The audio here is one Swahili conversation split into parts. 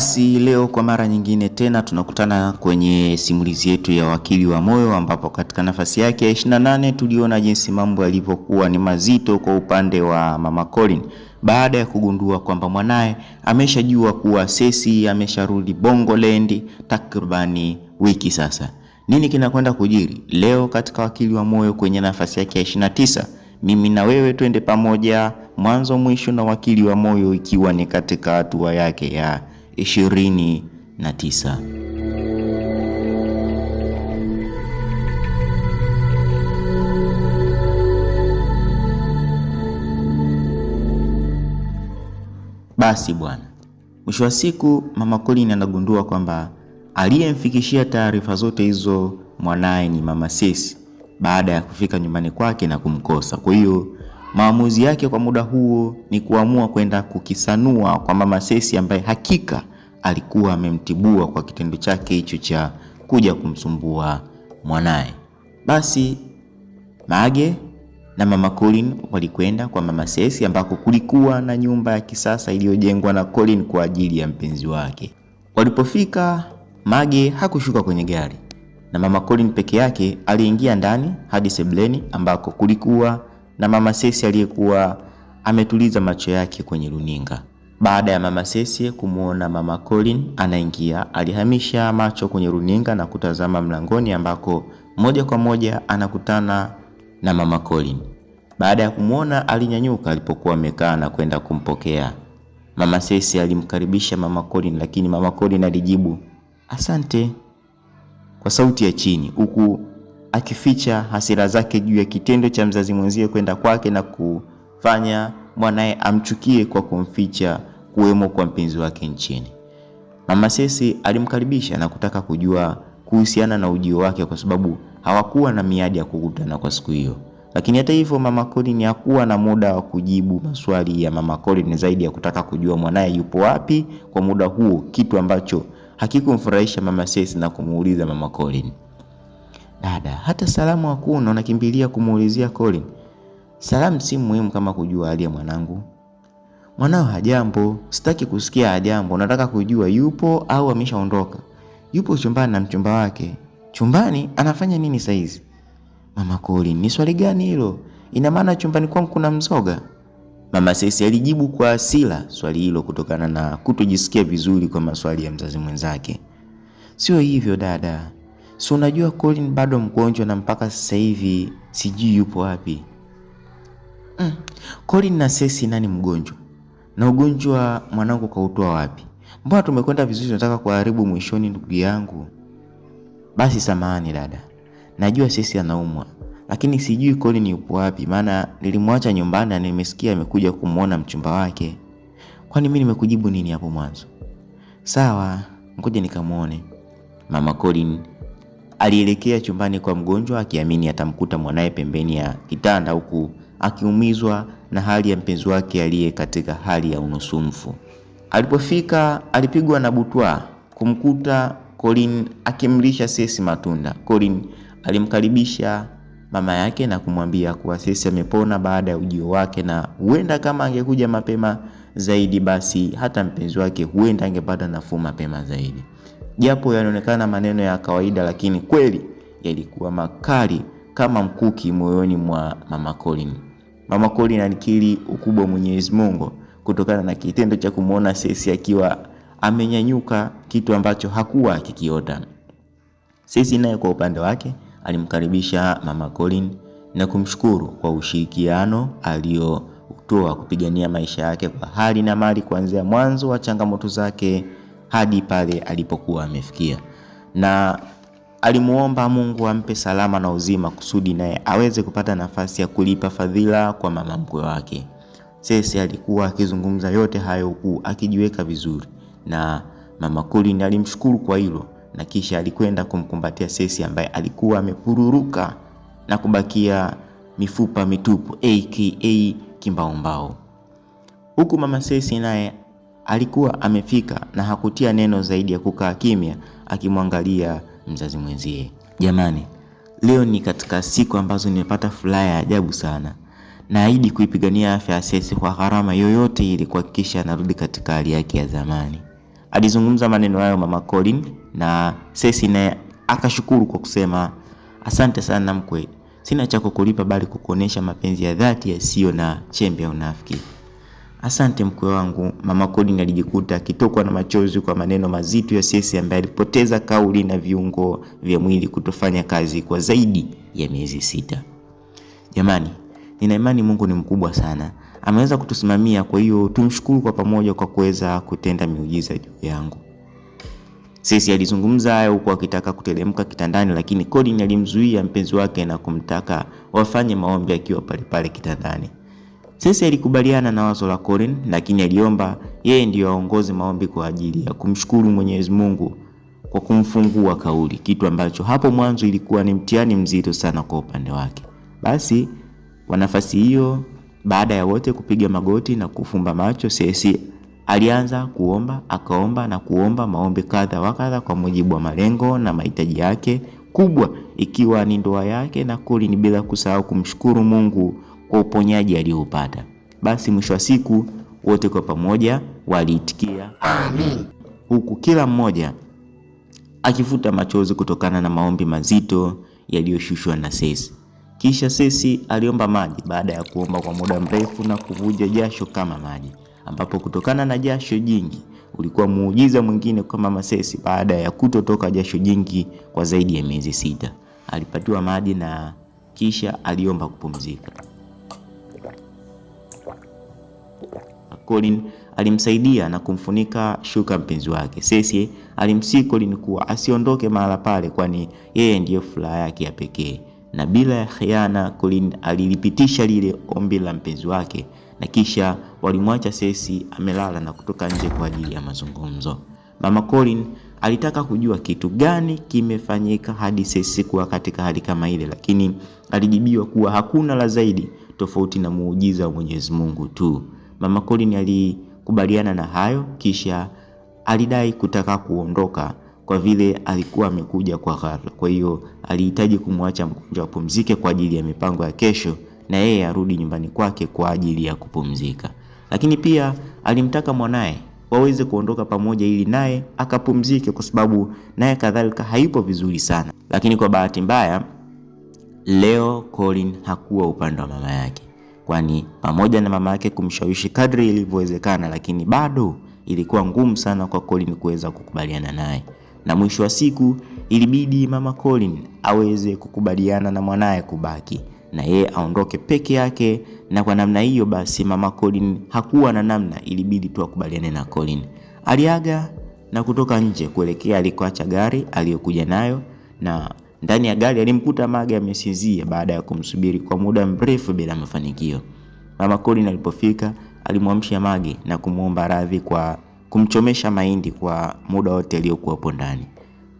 Basi leo kwa mara nyingine tena tunakutana kwenye simulizi yetu ya Wakili wa Moyo, ambapo katika nafasi yake ya nane tuliona jinsi mambo yalivyokuwa ni mazito kwa upande wa mama Colin baada ya kugundua kwamba mwanaye ameshajua kuwa Cecy amesharudi Bongoland takribani wiki sasa. Nini kinakwenda kujiri leo katika Wakili wa Moyo kwenye nafasi yake ya tisa? Mimi na wewe twende pamoja mwanzo mwisho na Wakili wa Moyo, ikiwa ni katika hatua yake ya 29. Basi bwana, mwisho wa siku mama Colin anagundua kwamba aliyemfikishia taarifa zote hizo mwanaye ni mama Sis baada ya kufika nyumbani kwake na kumkosa. Kwa hiyo Maamuzi yake kwa muda huo ni kuamua kwenda kukisanua kwa Mama Sesi ambaye hakika alikuwa amemtibua kwa kitendo chake hicho cha kuja kumsumbua mwanaye. Basi Mage na Mama Colin walikwenda kwa Mama Sesi ambako kulikuwa na nyumba ya kisasa iliyojengwa na Colin kwa ajili ya mpenzi wake. Walipofika, Mage hakushuka kwenye gari na Mama Colin peke yake aliingia ndani hadi sebleni ambako kulikuwa na mama Sesi aliyekuwa ametuliza macho yake kwenye runinga. Baada ya mama Sesi kumwona mama Colin anaingia, alihamisha macho kwenye runinga na kutazama mlangoni ambako moja kwa moja anakutana na mama Colin. Baada ya kumwona alinyanyuka alipokuwa amekaa na kwenda kumpokea. Mama Sesi alimkaribisha mama Colin, lakini mama Colin alijibu asante kwa sauti ya chini huku akificha hasira zake juu ya kitendo cha mzazi mwenzie kwenda kwake na kufanya mwanaye amchukie kwa kumficha kuwemo kwa mpenzi wake nchini. Mama Sesi alimkaribisha na kutaka kujua kuhusiana na ujio wake kwa sababu hawakuwa na miadi ya kukutana kwa siku hiyo. Lakini hata hivyo, mama Colin hakuwa na muda wa kujibu maswali ya mama Colin zaidi ya kutaka kujua mwanaye yupo wapi kwa muda huo, kitu ambacho hakikumfurahisha mama Sesi na kumuuliza mama Colin. Dada, hata salamu hakuna, unakimbilia kumuulizia Colin. Salamu si muhimu kama kujua hali ya mwanangu. Mwanao hajambo, sitaki kusikia hajambo, nataka kujua yupo au ameshaondoka. Yupo chumbani na mchumba wake. Chumbani anafanya nini saizi? Mama Colin, ni swali gani hilo? Ina maana chumbani kwangu kuna mzoga? Mama Sesi alijibu kwa hasira swali hilo kutokana na kutojisikia vizuri kwa maswali ya mzazi mwenzake. Sio hivyo dada, So unajua Colin bado mgonjwa na mpaka sasa hivi sijui yupo wapi. Mm. Colin na Cecy nani mgonjwa? Na ugonjwa mwanangu kautoa wapi? Mbona tumekwenda vizuri tunataka kuharibu mwishoni ndugu yangu. Basi samahani dada. Najua Cecy anaumwa, lakini sijui Colin yupo wapi maana nilimwacha nyumbani na nimesikia amekuja kumwona mchumba wake. Kwani mimi nimekujibu nini hapo mwanzo? Sawa, ngoja nikamwone. Mama Colin alielekea chumbani kwa mgonjwa akiamini atamkuta mwanaye pembeni ya kitanda huku akiumizwa na hali ya mpenzi wake aliye katika hali ya unusumfu. Alipofika alipigwa na butwa kumkuta Colin akimlisha Sesi matunda. Colin alimkaribisha mama yake na kumwambia kuwa Sesi amepona baada ya ujio wake na huenda kama angekuja mapema zaidi basi hata mpenzi wake huenda angepata nafuu mapema zaidi japo yanaonekana maneno ya kawaida, lakini kweli yalikuwa makali kama mkuki moyoni mwa mama Colin. Mama Colin alikiri ukubwa Mwenyezi Mungu kutokana na kitendo cha kumwona Sesi akiwa amenyanyuka, kitu ambacho hakuwa akikiota. Sesi naye kwa upande wake alimkaribisha mama Colin na kumshukuru kwa ushirikiano aliyotoa kupigania maisha yake kwa hali na mali, kuanzia mwanzo wa changamoto zake hadi pale alipokuwa amefikia, na alimuomba Mungu ampe salama na uzima kusudi naye aweze kupata nafasi ya kulipa fadhila kwa mama mkwe wake. Cecy alikuwa akizungumza yote hayo huku akijiweka vizuri, na mama Colin alimshukuru kwa hilo na kisha alikwenda kumkumbatia sesi ambaye alikuwa amepururuka na kubakia mifupa mitupu aka kimbaombao, huku mama Cecy naye Alikuwa amefika na hakutia neno zaidi ya kukaa kimya akimwangalia mzazi mwenzie. Jamani, leo ni katika siku ambazo nimepata furaha ya ajabu sana. Naahidi kuipigania afya ya Cecy kwa gharama yoyote ili kuhakikisha anarudi katika hali yake ya zamani. Alizungumza maneno hayo mama Colin na Cecy naye akashukuru kwa kusema asante sana mkwe, sina cha kukulipa bali kukuonesha mapenzi ya dhati yasiyo na chembe ya unafiki. Asante mkwe wangu. Mama Collins alijikuta akitokwa na machozi kwa maneno mazito ya Cecy ambaye alipoteza kauli na viungo vya mwili kutofanya kazi kwa zaidi ya miezi sita. Jamani, nina imani Mungu ni mkubwa sana, ameweza kutusimamia. Kwa hiyo tumshukuru kwa pamoja kwa kuweza kutenda miujiza juu yangu. Cecy alizungumza hayo huku akitaka kuteremka kitandani, lakini Collins alimzuia mpenzi wake na kumtaka wafanye maombi akiwa palepale kitandani. Cecy alikubaliana na wazo la Colin, lakini aliomba yeye ndiyo aongoze maombi kwa ajili ya kumshukuru Mwenyezi Mungu kwa kumfungua kauli, kitu ambacho hapo mwanzo ilikuwa ni mtihani mzito sana kwa upande wake. Basi kwa nafasi hiyo, baada ya wote kupiga magoti na kufumba macho, Cecy alianza kuomba, akaomba na kuomba maombi kadha wa kadha kwa mujibu wa malengo na mahitaji yake, kubwa ikiwa ni ndoa yake na Colin, bila kusahau kumshukuru Mungu kwa uponyaji aliyoupata. Basi mwisho wa siku wote kwa pamoja waliitikia amin, huku kila mmoja akifuta machozi kutokana na maombi mazito yaliyoshushwa na Sesi. Kisha Sesi aliomba maji baada ya kuomba kwa muda mrefu na kuvuja jasho kama maji, ambapo kutokana na jasho jingi ulikuwa muujiza mwingine kwa mama Sesi. Baada ya kutotoka jasho jingi kwa zaidi ya miezi sita, alipatiwa maji na kisha aliomba kupumzika. Colin alimsaidia na kumfunika shuka mpenzi wake. Cecy alimsii Colin kuwa asiondoke mahala pale, kwani yeye ndiyo furaha yake ya pekee, na bila ya khiana Colin alilipitisha lile ombi la mpenzi wake, na kisha walimwacha Cecy amelala na kutoka nje kwa ajili ya mazungumzo. Mama Colin alitaka kujua kitu gani kimefanyika hadi Cecy kuwa katika hali kama ile, lakini alijibiwa kuwa hakuna la zaidi, tofauti na muujiza wa Mwenyezi Mungu tu. Mama Colin alikubaliana na hayo, kisha alidai kutaka kuondoka kwa vile alikuwa amekuja kwa ghafla. Kwa hiyo alihitaji kumwacha mgonjwa apumzike kwa ajili ya mipango ya kesho na yeye arudi nyumbani kwake kwa ajili ya kupumzika. Lakini pia alimtaka mwanaye waweze kuondoka pamoja ili naye akapumzike kwa sababu naye kadhalika haipo vizuri sana. Lakini kwa bahati mbaya leo Colin hakuwa upande wa mama yake kwani pamoja na mama yake kumshawishi kadri ilivyowezekana, lakini bado ilikuwa ngumu sana kwa Colin kuweza kukubaliana naye, na mwisho wa siku ilibidi mama Colin aweze kukubaliana na mwanaye kubaki na yeye aondoke peke yake, na kwa namna hiyo basi mama Colin hakuwa na namna, ilibidi tu akubaliane na Colin. Aliaga na kutoka nje kuelekea alikoacha gari aliyokuja nayo na ndani ya gari alimkuta Mage amesinzia baada ya kumsubiri kwa muda mrefu bila mafanikio. Mama Colin alipofika alimwamsha Mage na kumwomba radhi kwa kumchomesha mahindi kwa muda wote aliyokuwapo ndani.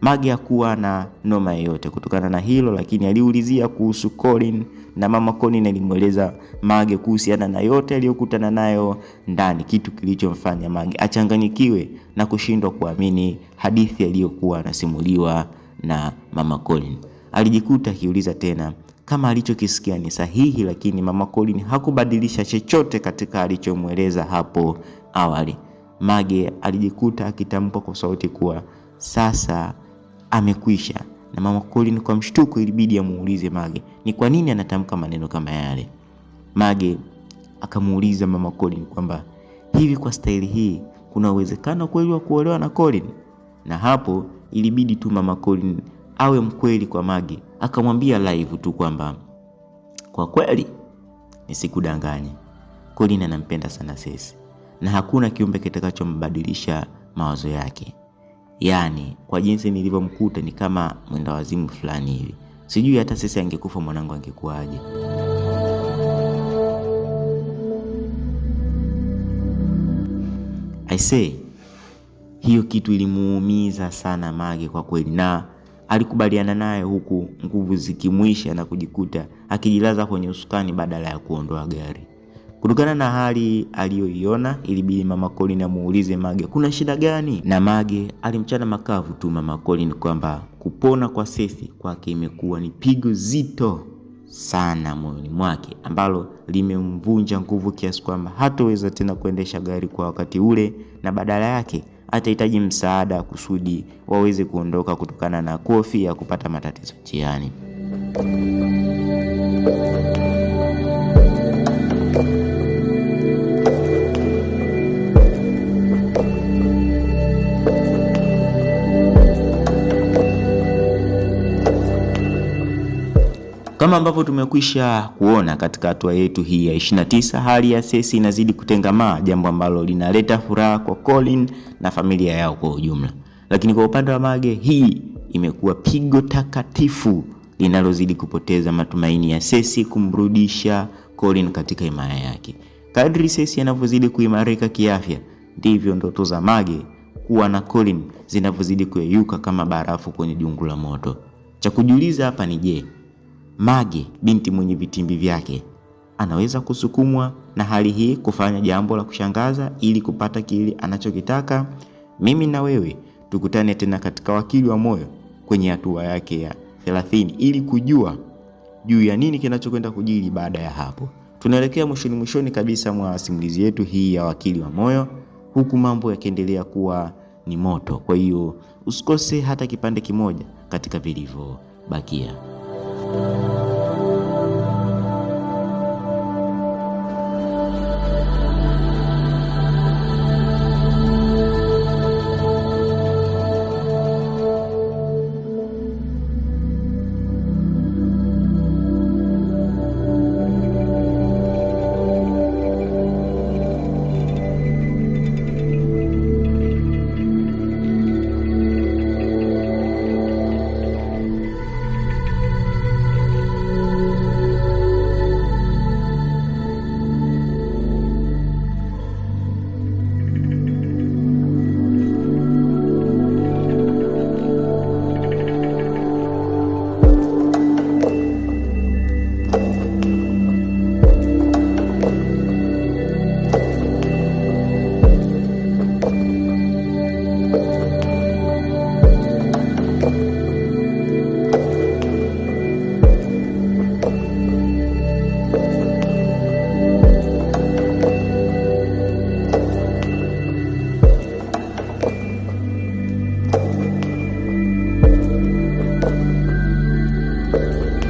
Mage hakuwa na noma yoyote kutokana na hilo, lakini aliulizia kuhusu Colin na mama Colin alimweleza Mage kuhusiana na yote aliyokutana nayo ndani, kitu kilichomfanya Mage achanganyikiwe na kushindwa kuamini hadithi aliyokuwa anasimuliwa na mama Colin. Alijikuta akiuliza tena kama alichokisikia ni sahihi, lakini mama Colin hakubadilisha chochote katika alichomweleza hapo awali. Mage alijikuta akitamka kwa sauti kuwa sasa amekwisha, na mama Colin kwa mshtuko ilibidi amuulize Mage ni kwa nini anatamka maneno kama yale. Mage akamuuliza mama Colin kwamba hivi kwa staili hii kuna uwezekano kweli wa kuolewa na Colin? Na hapo ilibidi tu mama Colin awe mkweli kwa magi akamwambia live tu kwamba kwa kweli nisikudanganye, Colin anampenda sana Cecy na hakuna kiumbe kitakachombadilisha mawazo yake. Yaani, kwa jinsi nilivyomkuta ni kama mwenda wazimu fulani hivi. Sijui hata Cecy angekufa mwanangu angekuwaje. I say hiyo kitu ilimuumiza sana Mage kwa kweli, na alikubaliana naye huku nguvu zikimwisha na kujikuta akijilaza kwenye usukani badala ya kuondoa gari. Kutokana na hali aliyoiona, ilibidi mama Colin amuulize Mage kuna shida gani, na Mage alimchana makavu tu mama Colin kwamba kupona kwa Sesi kwake imekuwa ni pigo zito sana moyoni mwake ambalo limemvunja nguvu kiasi kwamba hataweza tena kuendesha gari kwa wakati ule, na badala yake atahitaji msaada kusudi waweze kuondoka kutokana na kofi ya kupata matatizo njiani. Kama ambavyo tumekwisha kuona katika hatua yetu hii ya 29, hali ya Sesi inazidi kutengamaa, jambo ambalo linaleta furaha kwa Colin na familia yao kwa ujumla. Lakini kwa upande wa Mage, hii imekuwa pigo takatifu linalozidi kupoteza matumaini ya Sesi kumrudisha Colin katika imani yake. Kadri Sesi anavyozidi kuimarika kiafya, ndivyo ndoto za Mage kuwa na Colin zinavyozidi kuyeyuka kama barafu kwenye jungu la moto. Cha kujiuliza hapa ni je, Mage, binti mwenye vitimbi vyake, anaweza kusukumwa na hali hii kufanya jambo la kushangaza ili kupata kile anachokitaka. Mimi na wewe tukutane tena katika Wakili wa Moyo kwenye hatua yake ya 30 ili kujua juu ya nini kinachokwenda kujiri baada ya hapo. Tunaelekea mwishoni mwishoni kabisa mwa simulizi yetu hii ya Wakili wa Moyo, huku mambo yakiendelea kuwa ni moto. Kwa hiyo usikose hata kipande kimoja katika vilivyobakia. うん。Thank you.